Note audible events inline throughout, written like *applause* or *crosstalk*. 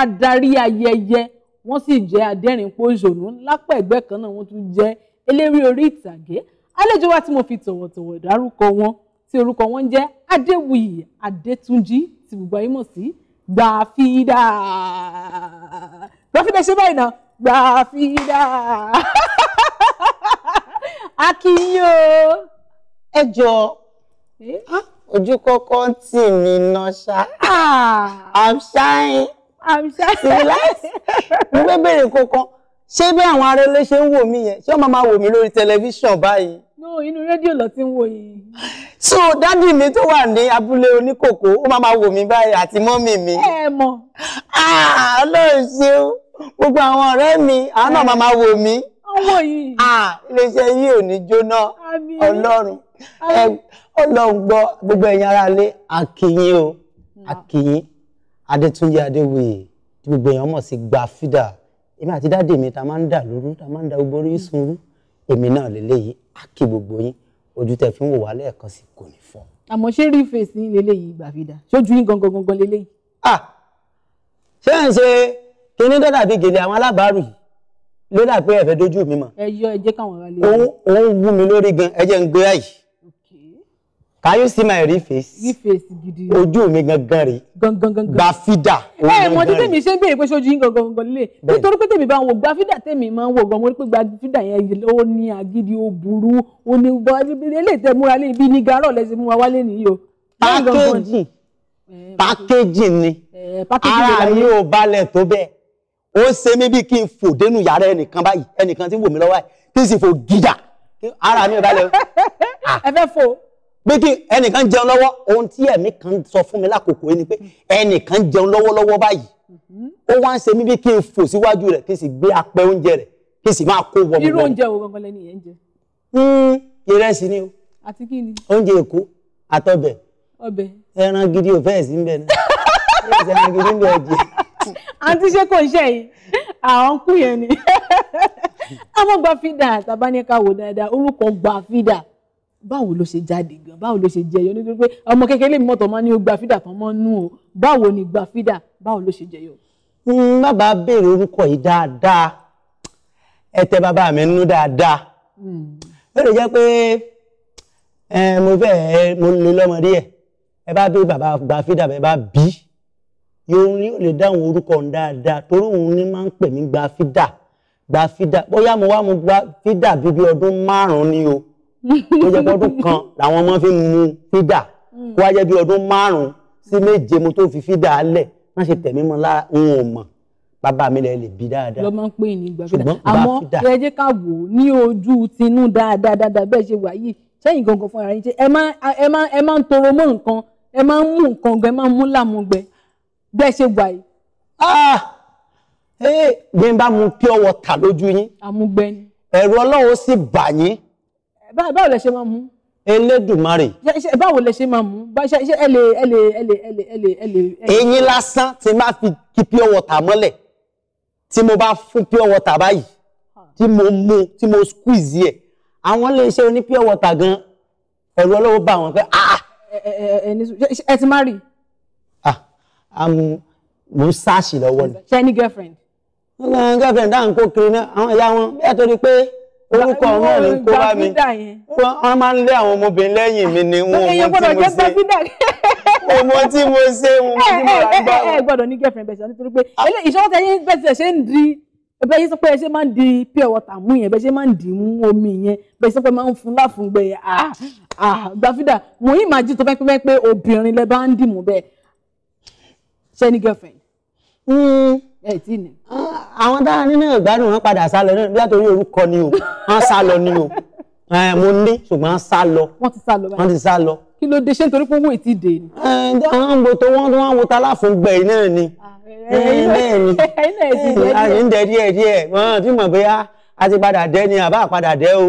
adarí ayẹyẹ wọ́n sì jẹ́ adẹ́rìnpòṣónú lápẹ̀gbẹ́ kan náà wọ́n tún jẹ́ eléré orí ìtàgé àlejò wa tí mo fi tọ̀wọ̀tọ̀wọ̀ dárúkọ wọn tí orúkọ wọn jẹ́ Adéwuyì Adétúnjí tí gbogbo ayé mọ̀ sí Gbàfídà Gbàfídà ṣe báyìí náà Gbàfídà akínyó *laughs* ẹjọ eh? ojú kọkọ tì mí náà ṣá ah. i'm shining relax mo fẹ́ béèrè kankan ṣé bí àwọn ará ilé ṣe ń wò mí yẹn ṣé wọ́n máa wò mí lórí tẹlifíṣàn báyìí. no inú rédíò ló ti ń wò yìí. so dádì mi tó wà ní abúlé oníkòkó ó máa máa wò mí báyìí àti mọ́mì mi. ẹ ẹ mọ. Ah, ọlọ́run ṣeun gbogbo àwọn ọ̀rẹ́ mi àwọn náà máa máa wò mí. ọwọ́ yìí. Ah, iléeṣẹ́ yìí ò ní jóná ọlọ́run ọlọ́run gbọ́ gbogbo ẹ̀yin aráalé a kí yín o a mm adétúnjì adéwòye tí gbogbo èèyàn mọ̀ sí gba fídà èmi àti dáàdì mi ta máa ń dà lóru ta máa ń da gbogbo orí sun rú èmi náà lélẹ́yìí á kí gbogbo yín ojú tẹ fi ń wò wá lẹ́ẹ̀kan sí kò ní fọ́. àmọ́ ṣé rí fèsì lélẹ́yìí gba fídà ṣojú yín gangan gangan lélẹ́yìí. à ah! ṣé ń ṣe kinní dọ́là bíi gèlè àwọn alábàárù yìí ló dà pé ẹ̀fẹ̀ dojú mi mọ̀. ẹ yọ ẹ jẹ́ káwọn ará lè. òun wú mi lórí gan ẹ jẹ́ ń gbé àyè. Can you see my real face? Real face gidi. Ojo mi gangan rè. Eh, gangan gangan. Gbafida. Ẹ mọ tí tèmi ṣe ń béèrè pé ṣojú yín gangan gangan lè. Nítorí pé tèmi bá ń wo gbafida tèmi máa ń wo gan, mo rí pé gbafida yẹn ó ní agídí, ó burú, ó ní bọ́ eléyìí tẹ múra lé ibi ní garọ́ lẹ́sìn mú wa wálé nìyí o. Pákéjì pákéjì ni eh, eh, ara mi ò balẹ̀ tó bẹ́ẹ̀. Ó ṣe mí bí kí n fò dénú yàrá ẹnìkan báyìí, ẹnìkan tí ń wò mí lọ́wọ́ ẹ̀, Ara mi ò balẹ̀. *laughs* Ah. Ẹ pé kí ẹnìkan jẹun lọ́wọ́ ohun tí ẹ̀mí kan sọ fún mi lákòókò yìí ni pé ẹnìkan jẹun lọ́wọ́lọ́wọ́ báyìí ó wá ń ṣe mí bí kí n fò síwájú rẹ̀ kí n sì gbé apẹ oúnjẹ rẹ̀ kí n sì máa kó wọmọ. irú oúnjẹ wo gangan lẹni yẹn ń jẹ. ìrẹsì ni o. àti kí ni. oúnjẹ èkó àtọbẹ̀. ọbẹ̀. ẹran gidi ò fẹ́ẹ̀ sí mbẹ náà ẹran gidi ń bẹ ọjẹ. àǹtí ṣé kò ṣe yìí àwọn kú yẹn ni. àmọ́ *laughs* gbàfídà tàbáníkà wò dáadáa orúkọ gbàfídà báwo ló ṣe jáde gan báwo ló ṣe jẹyọ nítorí pé ọmọ kékeré mi mọ́tò máa ní o gba fídà kan mọ́ nú o báwo ni gba fídà báwo ló ṣe jẹyọ. Hmm, bàbá béèrè orúkọ yìí dáadáa ẹ tẹ bàbá mi nú dáadáa hmm. ó lè jẹ́ pé mo fẹ́ mo lè lọ́mọdé ẹ̀ ẹ bá bí bàbá gba fídà bẹ́ẹ̀ bá bí yóò ní ó lè dáhùn orúkọ òun dáadáa torí òun ní máa ń pè mí gba fídà gba fídà bóyá mo wá mo gba fídà bíbí ọdún márùn-ún ni o. Mm tó jẹ́ pé ọdún kan làwọn ọmọ fi mu fídà hmm. kó wá jẹ́ bí ọdún márùn-ún sí méje mo tó fi fídà lẹ̀ má ṣe tẹ̀mí mọ́ lára n ò mọ̀ bàbá mi lè bí dáadáa. lọ máa ń pè ní ìgbà fídà àmọ́ ẹ jẹ́ ká wò ó ní ojú tinú dáadáa dáadáa bẹ́ẹ̀ ṣe wà yìí sẹ́yìn gangan fúnra yín ṣe ẹ máa ń toro mọ́ nǹkan ẹ máa ń mú nǹkan gbẹ máa ń mú làmúgbẹ bẹ́ẹ̀ ṣe wà yìí. Ah! Eh, bí n bá mu pure water lójú yín ẹ̀rù Ọlọ́run sì bà yín báwo lẹ ṣe máa mú. Elédùmarè. báwo lẹ ṣe máa mú ṣe ẹ lè ẹ lè ẹ lè ẹ lè ẹ lè. eyín lásán tí n bá fi kí pure water mọ́lẹ̀ tí mo bá fún pure water báyìí tí mo mu tí mo squeeze yẹ àwọn lè ṣe ní pure water gan ẹ̀rù ọlọ́wọ́ bá wọn pé ah. ẹ ti má rí. ah um, mo ń ṣáàṣì lọ́wọ́ ni. ṣe ní girlfriend. girlfriend dáhùn kó kiri náà àwọn ìyá wọn bẹ́ẹ̀ torí pé orúkọ náà ni kó bá mi wọ́n máa ń lé àwọn ọmọbìnrin lẹ́yìn mi ni wọn ò mọ tí mo ṣe ọmọ tí mo ṣe ọmọ tí mo rà gbà wọn. ẹ ní gẹfẹ bẹsẹ nítorí pé ah. ìṣọwọ́ tẹ yín bẹsẹ ṣe ń di bẹ yín sọ pé ẹ máa ń di pure water mú yẹn bẹ máa ń di mú omi yẹn bẹ pé máa ń fún láfúngbẹ yẹn ah ah gbàfídà mo yìí máa jí tó pẹ́ pé obìnrin lẹ bá ń dì mú bẹ́ẹ̀ ṣe ní gẹfẹ hmm. ẹ tí ì ah àwọn dáhà nínú ìgbádùn wọn padà sá lọ náà látòrí orúkọ ni o wọn sá lọ ni o *laughs* mo ní ṣùgbọ́n sá lọ wọ́n ti sá lọ. kí ló dé ṣé nítorí pé owó ìtì dè ni. àwọn ń bo tó wọ́n tó wọ́n wo ta láfún gbẹ̀yìn náà ni ah, bẹ́ẹ̀ ni àyè *laughs* ń dẹ díẹ̀ díẹ̀ wọ́n ti mọ̀ bóyá a ti padà dẹ́ ni àbá padà dẹ́ o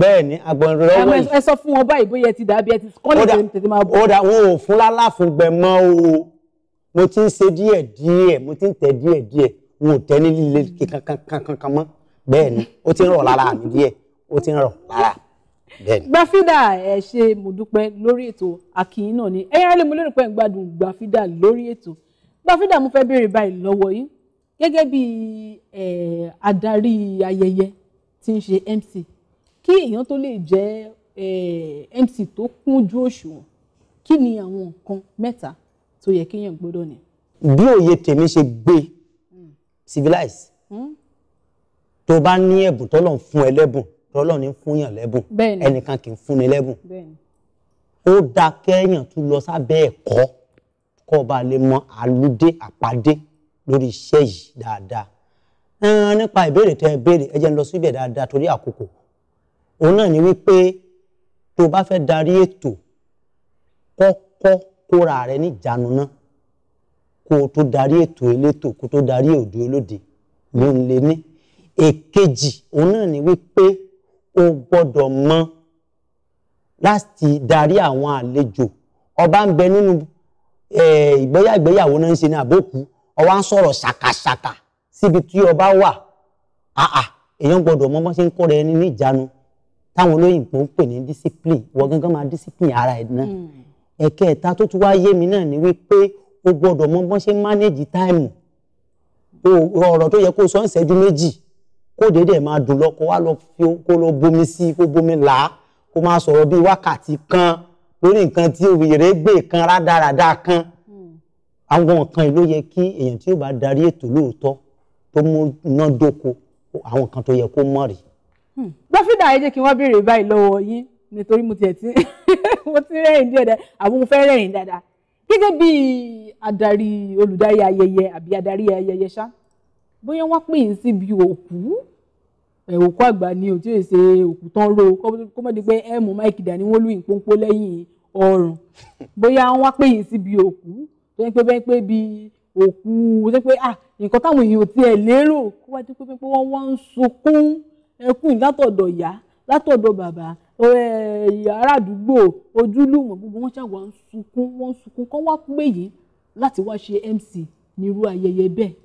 bẹ́ẹ̀ ni agbọ̀nrún lọ́wọ́ yìí. ẹ sọ fún wọn báyìí bóyá ti dàbí ẹ ti kọ́lé tètè máa bọ̀. ó dà wọn ò fún lálàfún gbẹ mọ́ o mo ti ń ṣe díẹ̀ díẹ̀ mo ti ń tẹ̀ díẹ̀ díẹ̀ wọn ò tẹ́ ní líle kankan mọ́ bẹ́ẹ̀ ni ó ti ń rọ̀ lára mi díẹ̀ ó ti ń rọ̀ lára gbàfídà ẹ ṣe mo dúpẹ́ lórí ètò àkìyìn náà ni ẹyìn alẹ mo lérò pé ń gbádùn lórí ètò gbàfídà mo fẹ́ béèrè báyìí lọ́wọ́ yín gẹ́gẹ́ bí adarí ayẹyẹ tí ń ṣe MC kí èèyàn tó lè jẹ́ MC tó kúnjú òṣùwọ̀n kí ni àwọn nǹkan mẹ́ta tó yẹ kéèyàn gbọ́dọ̀ ní. bí òye tèmi ṣe gbé civilized hmm? tó bá ní ẹ̀bùn tọ́lọ́run fún ẹ lẹ́bùn tọ́lọ́run ní fún yàn lẹ́bùn ẹnìkan kì í fún ni lẹ́bùn ó dáa kẹ́yàn tún lọ sábẹ́ ẹ̀kọ́ kó bá lè mọ àlùdé àpàdé lórí iṣẹ́ yìí dáadáa nípa ìbéèrè tẹ béèrè ẹ ń lọ síbẹ̀ dáadáa torí àkókò òun náà ni wípé tó bá fẹ́ darí ètò kọ́kọ́ kóra rẹ níjànú náà kó o tó darí ètò elétò kó o tó darí òde olóde ló ń lé ní èkejì òun náà ni wípé o gbọ́dọ̀ mọ̀ láti darí àwọn àlejò ọba ń bẹ nínú ìgbéyà ìgbéyàwó náà ń ṣe ní àbókù ọba ń sọ̀rọ̀ ṣàkàṣàkà síbi tí ọba wà àà èèyàn gbọ́dọ̀ mọ̀ bó ṣe ń kọrọ ẹni ní ìjánu táwọn olóyìnbó ń pè ní discipline wọ gángan máa discipline ara ẹ náà hmm. ẹ̀kẹta tó tún wá mi náà ni wípé o gbọ́dọ̀ mọ bọ́n ṣe mánéjì táìmù ọ̀rọ̀ tó yẹ kó sọ ń ṣẹ́jú méjì kó dédé máa dùn lọ kó wá lọ fi kó lọ bomi sí kó bomi là á kó máa sọ̀rọ̀ bíi wákàtí kan lórí nǹkan tí òwìrè gbé kan rádaràda kan àwọn nǹkan ló yẹ kí èèyàn tí ó bá darí ètò lóòótọ́ tó múná dóko àwọn nǹkan tó yẹ kó mọ̀ rí. Hmm. dókítà ẹ jẹ́ kí wọ́n béèrè báyìí lọ́wọ́ yín nítorí mo tiẹ̀ ti *laughs* mo ti rẹ́rìn díẹ̀ dáadáa àwọn mo fẹ́ rẹ́rìn dáadáa gẹ́gẹ́ bí adarí olùdarí ayẹyẹ àbí adarí ayẹyẹ ṣá bóyá wọ́n pè é síbi òkú ẹ̀ òkú àgbà ni ò tí ì ṣe òkú tán ro kó mọ̀ di pé ẹ̀ mú máìkì dání wọ́n lù ìpónpó lẹ́yìn ọrùn bóyá wọ́n pè é síbi òkú tó pé bẹ́ẹ̀ pé bí òkú tó pé ah nǹkan táwọn èèyàn ti ẹ̀ lérò kó wá dé pé wọ́n wọ́n ń sunkún ẹkún látọ̀dọ̀ ìyá látọ̀dọ̀ bàbá Eh, àràádúgbò ojúlùmọ̀ gbogbo wọn ṣàwọn ń sunkún wọn ń sunkún kán wá pè yín láti wá ṣe MC nírú ayẹyẹ bẹ́ẹ̀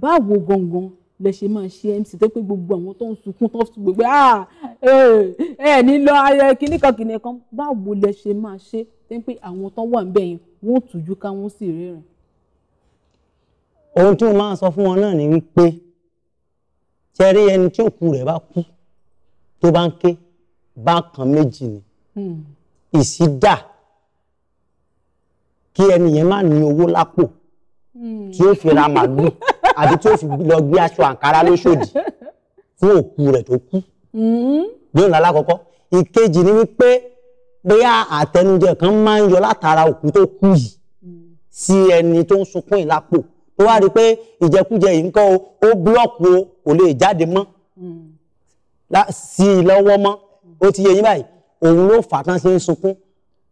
báwo gangan lẹ ṣe máa ṣe MC tó pé gbogbo àwọn tó ń sunkún tó ń sunkún gbogbo ah, eh, ẹ ní lọ ayẹyẹ kìnnì kan kìnnì kan báwo lẹ ṣe máa ṣe tó pé àwọn tó wà níbẹ̀ yẹn wọ́n tùjú ká wọ́n sì rẹ́rìn. ohun tí mo máa ń sọ fún wọn náà ni wípé ṣe rí ẹni tí òkú rẹ̀ bá kú tó bá ń ké bákan méjì ni hmm. ìsì dà kí ẹni yẹn má ní owó lápò hmm. tí ó fi ra màlúù *laughs* àbí tí ó fi lọ gbé aṣọ àǹkárá lóṣòdì fún òkú rẹ̀ tó kú lónìí hmm. lálákọ̀ọ́kọ́ ìkejì ni wípé bóyá àtẹnujẹ kan máa ń yọ látara òkú tó kú yìí sí ẹni tó ń sunkún yìí lápò tó wá rí i pé ìjẹkújẹ yìí nǹkan o ó búlọ́ọ̀kù o kò lè jáde mọ́ sí i lọ́wọ́ mọ́ ó ti yé yín báyìí òun ló fà tán ṣe ń sunkún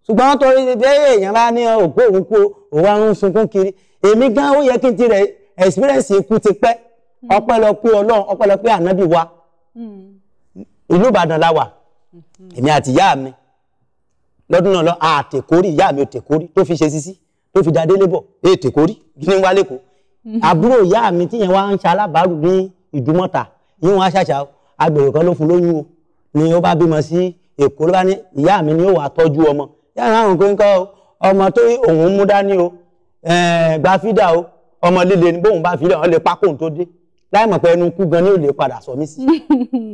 ṣùgbọ́n torí bẹ́ẹ̀ èèyàn bá ní òpó òun kú òun wá ń sunkún kiri èmi gan ó yẹ kí n ti rẹ̀ experience ikú ti pẹ́ ọpẹ́lọpẹ́ hmm. ọlọ́run ọpẹ́lọpẹ́ ànábì wa hmm. ìlú ìbàdàn la wà hmm. èmi àti ìyá mi lọ́dún náà lọ àtẹ̀kórí ìyá mi ò tẹ̀kórí tó fi ṣe sisi tó fi da délé bọ̀ èè e tẹ̀kórí gíní wá lẹ́kọ̀ọ́ àbúrò ìyá mi tíyẹn wá ń ṣe alábàárù ní ìdúmọ̀ta yíwọ̀n aṣàṣà agbèrò kan ló fún lóyún o ni ó bá bímọ sí èkó ló bá ní ìyá mi ni ó wà tọ́jú ọmọ ìyá mi àwọn òpin kọ́ ọmọ tó òun mú dání o eh, gba fídà o ọmọ líle ni bóun bá fídà ọ lè pákóun tó dé láì mọ̀ pé ẹnu kú gan ni ò lè padà sọ mí sí *laughs*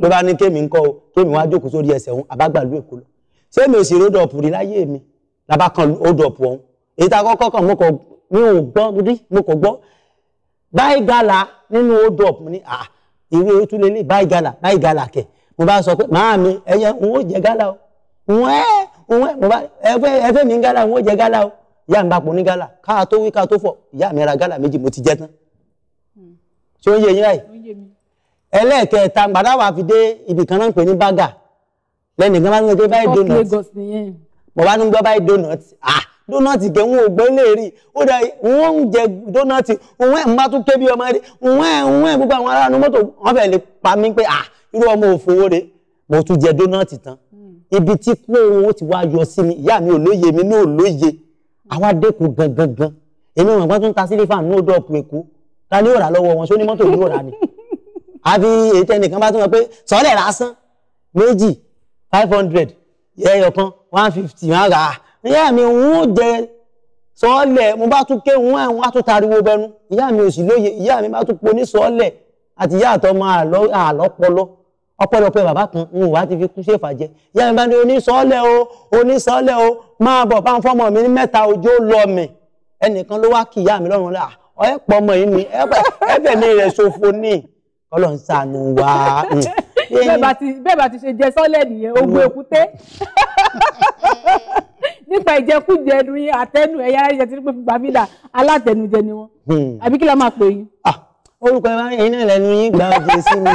ló bá ní kémi ńkọ́ o kémi wá jókòó sórí ẹsẹ̀ òun àbágbàlú èkó lọ ṣé mi ò sì ródò ọ̀pù rí láyé mi làbá kan ródò ọ̀pù ọ̀hún èyí tá a kọ́kọ́ kàn mo kò mi ò gbọ́ rí mo kò gbọ́ báyìí gàlà nínú ródò ọ̀pù ni ah ìwé tún lélẹ̀ báyìí gàlà báyìí gàlà kẹ̀ mo bá sọ pé màá mi ẹyẹ n ó jẹ gálà o n ẹ n ẹ mo bá ẹfẹ ẹfẹ mi ń gálà n ó jẹ gálà o ìyá mi bá pò ní gálà ká tó wí ká tó fọ ìyá mi ra gálà méjì mo ti jẹ tán hmm. ṣé ó yín láyìí ẹlẹ́ẹ̀kẹta gbàdá wà fi dé ibì kan náà pè ní bágà lẹ́nìkan bá ń gbé báyìí donut mo bá ń gbọ́ báyìí donut ah donut kẹ́ ń gbé léèrè ó dà wọ́n ń jẹ donut òun ẹ̀ ń bá tún ké bí ọmọ rẹ̀ òun ẹ̀ òun ẹ̀ gbogbo àwọn aráàlú mọ́tò wọ́n fẹ́ lè pa mí pé ah irú ọmọ òfowó rẹ̀ mo tún jẹ dónáàtì tán hmm. ibi tí kó wọn ó ti wá yọ sí mi ìyá mi ò lóye mi náà ò lóye àwa dẹ́kun gangan gan èmi wọn gbọ́n tó ń ta sílífà ní ó dọ̀pù èkó ta ni yóò rà lọ́wọ́ wọn ṣó ní mọ́tò yóò rà ni àbí ètò ẹnìkan bá tún wọn pé sọ́lẹ̀ lásán méjì five hundred ẹyọ one fifty wọn rà á ìyá mi òun ó jẹ sọ́ọ̀lẹ̀ mo bá tún ké òun àwọn àtúntariwo bẹnu ìyá mi ò sì lóye ìyá mi bá tún poní sọ́ọ̀lẹ̀ àti ìyá àtọ́ máa àlọ́pọlọ ọpẹ́lọpẹ́ bàbá kan ń wà á ti fi kú sí ìfàjẹ ìyá mi bá ní onísọọlẹ o onísọọlẹ o máa bọ̀ bá ń fọmọ mi ní mẹ́ta ọjọ́ lọ mi ẹnìkan ló wá kí ìyá mi lọ́rùn láà ẹ pọ ọmọ yìí ni ẹ̀bẹ̀ mi rẹ ṣòfò ní Ọlọ́run ṣàánú wa. *laughs* bẹ́ẹ̀ bá ti ṣe jẹ sọ́lẹ̀ nìyẹn ogun èkúté *laughs* nípa ìjẹkújẹ ẹnu yẹn àtẹnu ẹ̀yà ẹ̀yà tí wọ́n fi gbàmílà alátẹnujẹ ni wọ́n hmm. àbí kí la máa pè yín. Ah, orúkọ ẹ bá ẹ̀yin náà lẹ́nu yín gbà ọjọ́ sí mi.